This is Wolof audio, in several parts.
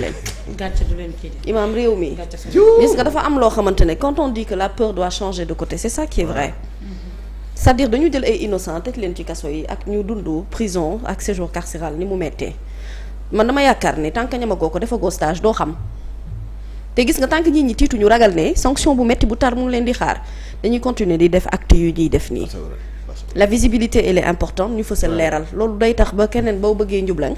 topp leen. gàcce imaam réew mi gis nga dafa am loo xamante ne quand on que la peur doit changer de côté c'est ça qui est vrai. cest dañu jël ay innocent teg leen ci kaso yi ak ñu dund prison ak séjour carcéral ni mu mettee man dama yaakaar ni tant que ñamagoo ko defagoo stage doo xam te gis nga tant que nit ñi tiituñu ragal ne sanction bu metti bu tar mu leen di xaar dañuy continuer di def acte yu ñuy def nii. la visibilité elle est importante ñu fësal leeral loolu day tax ba keneen bëggee njublang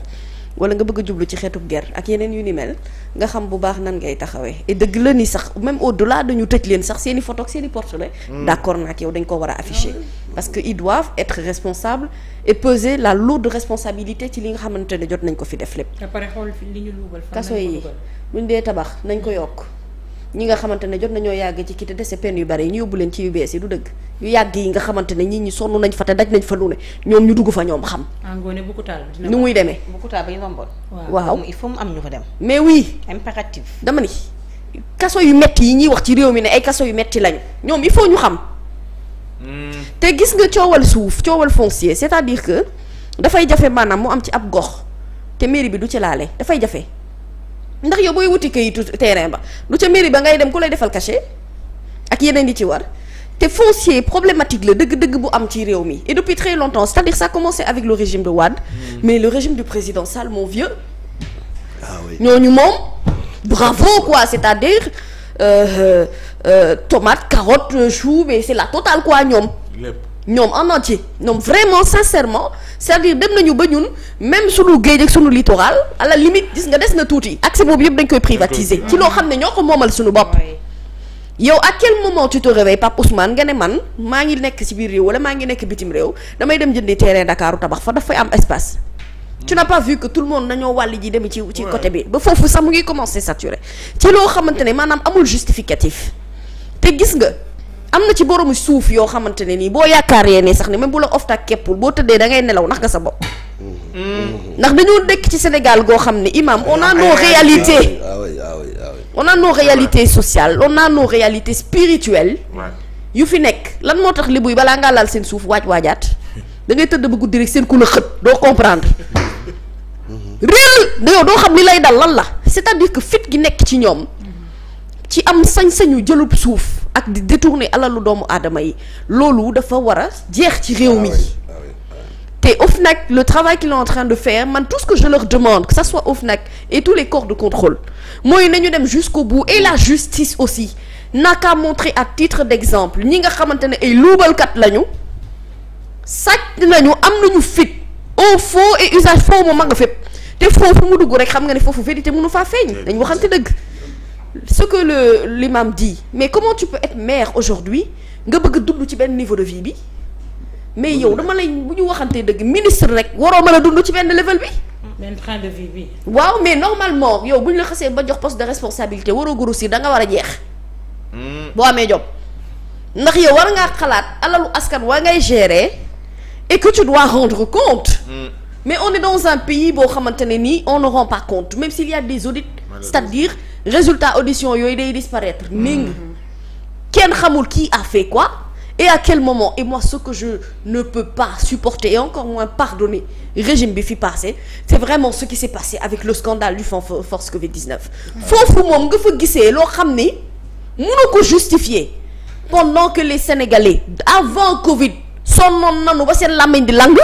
wala nga bëgg a jublu ci xeetu guerre ak yeneen yu ni mel nga xam bu baax nan ngay taxawee et dëgg la ni sax même au delà dañu tëj leen sax seeni i photo ak seen i portrait hmm. d'accord naa ak yow dañ ko hmm. que ils doivent être responsables et peser la lourde responsabilité ci li nga xamante ne jot nañ ko fi def lépp kaso yi buñ dee tabax nañ ko yokk ñi nga xamante ne jot nañoo yàgg ci kité dese peine yu bari yi ñu yóbbu leen ci yu bees yi du dëgg yu yàgg yi nga xamante ne nit ñi sonn nañ fa te daj nañ fa lu ne ñoom ñu dugg fa ñoom xam. engrais ah, bu kutaal bi ni muy demee. bu kutaal bi waaw il faut mu am ñu fa dem. mais oui. impératif dama ni kaso yu metti yi ñuy wax ci réew mi ne ay kaso yu metti lañu ñoom il faut ñu xam. Hmm. te gis nga coowal suuf coowal foncier c'est-à-dire que dafay jafe maanaam mu am ci ab gox te mairie bi du ci laale dafay jafe ndax yow booy wuti kayitu terrain ba du ca mairie ba ngay dem ku lay defal cachet ak yeneen yi ci war. te foncier problématique la dëgg-dëgg bu am ci réew mi et depuis très longtemps c'est-à-dire ça a commencé avec le régime de Wade hmm. mais le régime du président Sall mon vieux ah ñooñu moom bravo quoi c'est-à-dire euh, euh, tomate carotte chou mais c'est la totale quoi ñoom ñoom en entier ñoom vraiment sincèrement c'est-à-dire dem nañu ba ñun même sunu géej ak sunu littoral à la limite gis nga des na tuuti accès boobu yëpp dañ koy privatiser ci loo xam ne ñoo ko moomal sunu bopp yow à quel moment tu te réveilles Pape nga ne man maa ngi nekk ci biir réew wala maa ngi nekk bitim réew damay dem jënd terrain Dakar tabax fa dafa am espace. tu n'as pas vu que tout le monde nañoo wàll ji dem ci ci côté bi ba foofu sax mu ngi commencer saturer ci loo xamante ne maanaam amul justificatif te gis nga am na ci boroomu suuf yoo xamante ne nii boo yaakaaree ne sax ni même bu la oftak keppul boo tëddee da nelaw ndax nga sa bopp. Mm. ndax dañoo dëkk ci Sénégal goo xam ne imam on a nos réalités. Ah ah ah on a nos réalités sociales on a nos réalités spirituelles. yu fi nekk lan moo tax libuy balaa ngaa laal seen suuf waaj waajaat dangay tëdd ba guddi rek seen ku la xët doo comprendre. réel da doo xam li lay dal lan la c'est-à-dire que fit gi nekk ci ñoom ci am sañ-sañu jëlu suuf ak di ne alalu doomu aadama yi loolu dafa war a jeex ci réew mi. Ah te nag le travail qu'ils sont en train de faire man tout ce que je leur demande que ça soit OFNAC et tous les corps de contrôle mooy na nañu dem jusqu'au bout et la justice aussi n'a qu'à montrer à titre d'exemple ñi nga xamante ne ay luubalkat lañu sàcc nañu am nañu fit au faux et usage faux moom ma nga fépp te foofu mu dugg rek xam nga ne foofu vérité mënu faa feeñ dañ waxante dëgg ce que le l'imam dit mais comment tu peux être maire aujourd'hui nga bëgg dugg ci benn niveau bi mais yow dama lay bu ñu waxantee dëgg ministre rek waroo mën a dund ci benn level bi. benn bi. waaw mais normalement yow bu ñu la xasee ba jox poste de responsabilité waroo grossir si danga war a jeex. Hmm. boo amee job ndax yow war ngaa xalaat alalu askan waa ngay gérer et que tu dois rendre compte. Mm. mais on est dans un pays boo xamante ne nii on ne par pas compte même si y a des audits. c'est-à-dire résultat audition yooyu day disparaître. néng hmm. kenn xamul kii a fait et à quel moment et moi ce que je ne peux pas supporter et encore moins pardonner régime bi fi passé c'est vraiment ce qui s'est passé avec le scandale du force covid foofu moom nga fa gisee loo xam ni mënoo ko justifier pendant que les Sénégalais avant Covid sonnoon nanu ba seen làmmiñ di lang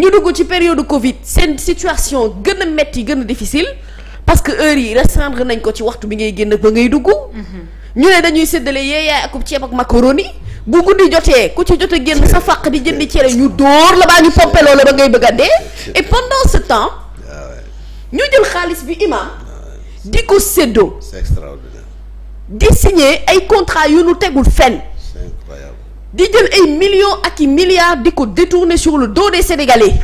ñu dugg ci période Covid seen situation gën a métti gën a difficile parce que heure yi restreindre nañ ko ci waxtu bi ngay génn ba ngay dugg mm-hmm. ñu ne dañuy séddale y yaay akub ceeb ak bu guddi jotee ku ci jot a génn sa fàq di jëndi cere ñu dóor la baa ñu pompé loola ba ngay bëgg a et pendant sa temps ah ñu jël xaalis bi imam ah di ko séddoo c'est di signé ay contrat yu nu tegul fenn c'est di jël ay millions ak i milliards di ko détourner sur le dos des sénégalais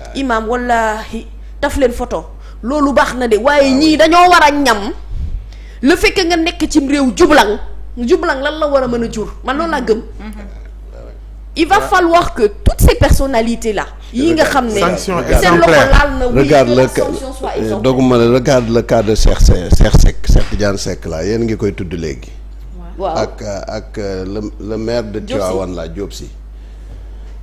ah imam wallahi daf leen photo loolu baax na de waaye ñii dañoo war a ñam le fait nga nekk cim réew jublang jublang lan la war a mën a jur man loolu laa gëm. Mm-hmm. il va falloir que toutes ces personnalités là. yi nga xam ne sanction exemplaire regarde le euh, doguma la regarde le cas de ngi koy tudd léegi. waaw ak euh, ak euh, le le maire de Tivaouane la Diop Sy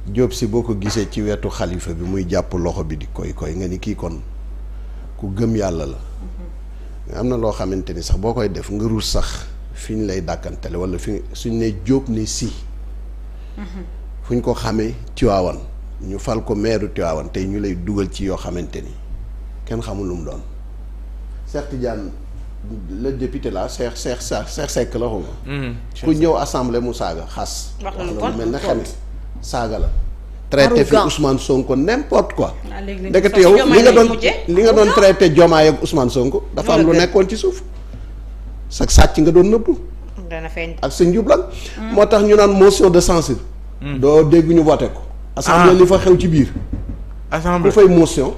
Diop Sy boo ko gisee ci wetu xalifa bi muy jàpp loxo bi di koy koy nga ni kii kon ku gëm yàlla la. Mm-hmm. am na loo xamante ni sax boo koy def nga ruus sax. fi ñu lay dàkkantale wala fi suñ ne Jóob ne si fu ñu ko xamee Tiwaawan ñu fal ko meeru Tiwaawan tey ñu lay dugal ci yoo xamante ni kenn xamul lu mu doon Cheikh Tidiane le député la Cheikh Cheikh Cheikh Seck la xuma mm-hmm. ku ñëw assemblée mu saaga xas wax lu mel ne xeme saaga la traité fi Ousmane Sonko n'importe quoi ah, ndekete yow li nga doon ah. traité Diomaye ak Ousmane Sonko dafa am lu nekkoon ci suuf sa sàcc nga doon nëbbu. dana ak su njublal moo tax ñu naan motion de censure. Hmm. doo dégg ñu voté ko. Ah. assemblée li fa xew ci biir. assemblée ku fay motion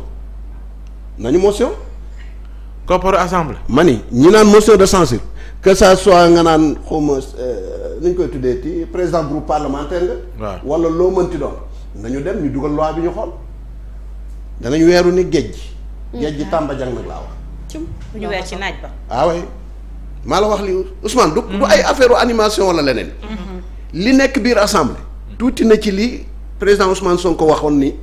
nañu motion. kopparu assemblée. ma ni ñu naan motion de censure que ça soit nga naan xaw ma euh, ni koy tuddee ti président groupe parlementaire nga. wala loo mënti doon nañu dem ñu dugal loi bi ñu xool danañ weeru ni géej gi. Hmm. géej gi ah. Tamba nag laa wax. bu maa la wax li Ousmane. du du ay affaire animation wala leneen. li nekk biir assemblée. tuuti na ci li président Ousmane Sonko waxoon ni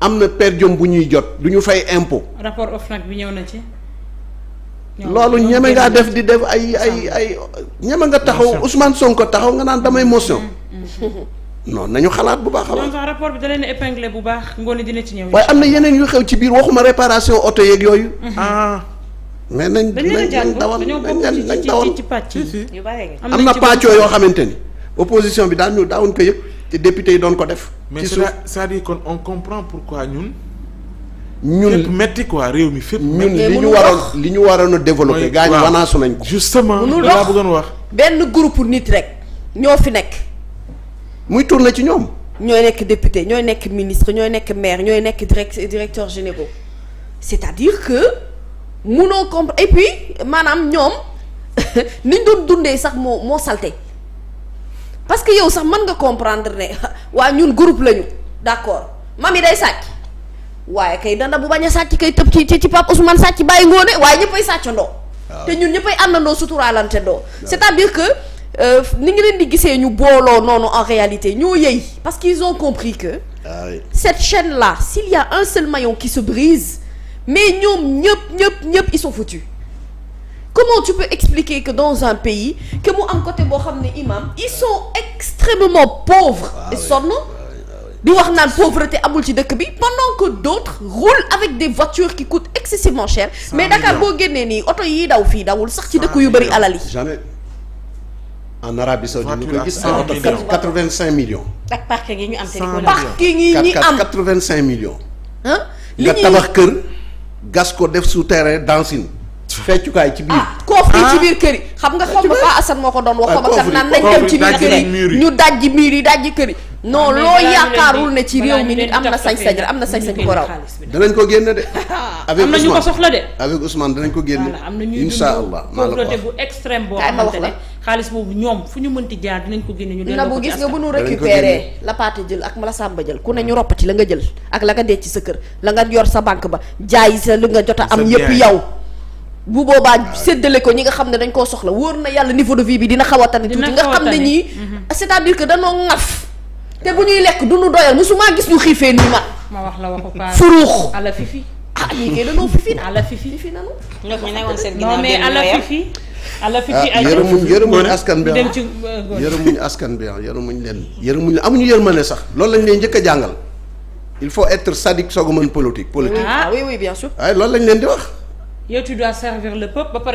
am na per diem bu ñuy jot du ñu fay impôt. rapport OFNAC bi ñëw na ci. loolu ñeme ngaa def di def ay ay ay ñeme nga taxaw Ousmane Sonko taxaw nga naan damay motion. Mm, mm, mm. non nañu xalaat bu baax a baax. rapport bi da leen épinglé bu baax ngoone dina ci ñëw. waaye am na yeneen yu xew ci biir waxuma réparation oto yeeg yooyu. Ah. mais nañ nañ dawal nañ dawal am na pàccoo yoo xamante ni opposition bi daan ñu daawuñ ko yëpp te député yi doon ko def ci suuf c'est-à-dire kon on comprend pourquoi ñun ñun fépp metti quoi réew mi fépp ñun li ñu waroon li ñu waroon a développé gaañ wanaasu nañ ko justement laa bëggoon wax benn groupe nit rek ñoo fi nekk muy tourné ci ñoom ñooy nekk député ñooy nekk ministre ñooy nekk maire ñooy nekk direct directeur généraux c'est-à-dire que munoo comprendre et puis maanaam ñoom niñ doon dundee sax moo moo salte parce que yow sax man nga comprendre ne waa ñun groupe lañu d'accord mami day sàcc waaye kay danda bu bañ a sàcc kay tëb ci ci Pape Ousmane sàcc bàyyi ngoone waaye ñëppay sàccandoo te ñun ñëppay àndandoo suturaalante doo c'est-à-dire que euh, ni ngi leen di gisee ñu booloo noonu en réalité ñoo yëy parce qu'ils ont compris que ah cette chaîne là s'il y a un seul maillon qui se mais ñoom ñëpp ñëpp ñëpp ils sont foutus comment tu peux expliquer que dans un pays que mu am côté boo xam ne imam ils sont extrêmement pauvres ah et ah di wax ah naan pauvreté amul ci dëkk bi pendant que d'autres roulent avec des voitures qui coûtent excessivement cher mais Dakar boo génnee nii oto yi daw fii dawul sax ci dëkk yu bëri alal yi jamais en Arabie Saoudite ñu koy gis en cinq millions ak parking yi ñu am te parking ñu am quatre-vingt-cinq millions nga tabax kër gas ko def souterrain dancing feccukaay ci biir. ah koof yi ci ah. biir kër xam nga xaw ma Paa Assane moo ko doon wax. Ah, xaw ma kat naan nañ dem ci biir kër yi ñu dajji miir yi dajji kër yi. non ah, loo yaakaarul ne ci réew mi nit am na sañ-sañ am na sañ-sañ ko raw. danañ ko génne de. Ah, avec Ousmane na ñu ko soxla de. avec Ousmane danañ ko génne. incha allah am na bu ñoom fu ñu mënti jaar dinañ ko génne ko bu gis nga bu nu récupéré la paate jël ak la sàmba jël ku ne ñu roppati la nga jël ak la nga ci sa kër la nga yor sa banque ba jaay sa lu nga jot a am yépp yow bu boobaa séddale ko ñi nga xam ne dañ koo soxla wóor na yàlla ni de vie bi dina xaw a tane tuuti nga xam ne ñii mhm. c'est-à-dire danoo ngaf te bu ñuy lekk duñu doyal musuma gis ñu xiifee nii ma. ma wax la waxu Paar furuux ala fifi. ah yéen kay dañoo fifi na ala fifi fifi nanu. Ah, yërëmuñ ah. euh, yërëmuñ askan bi yërëmuñ askan bi yërëmuñ leen yërëmuñ leen amuñu yërmande sax loolu lañ leen njëkk a jàngal il faut être sadique soog a mën politique politique. ah oui ah, lañ leen di wax.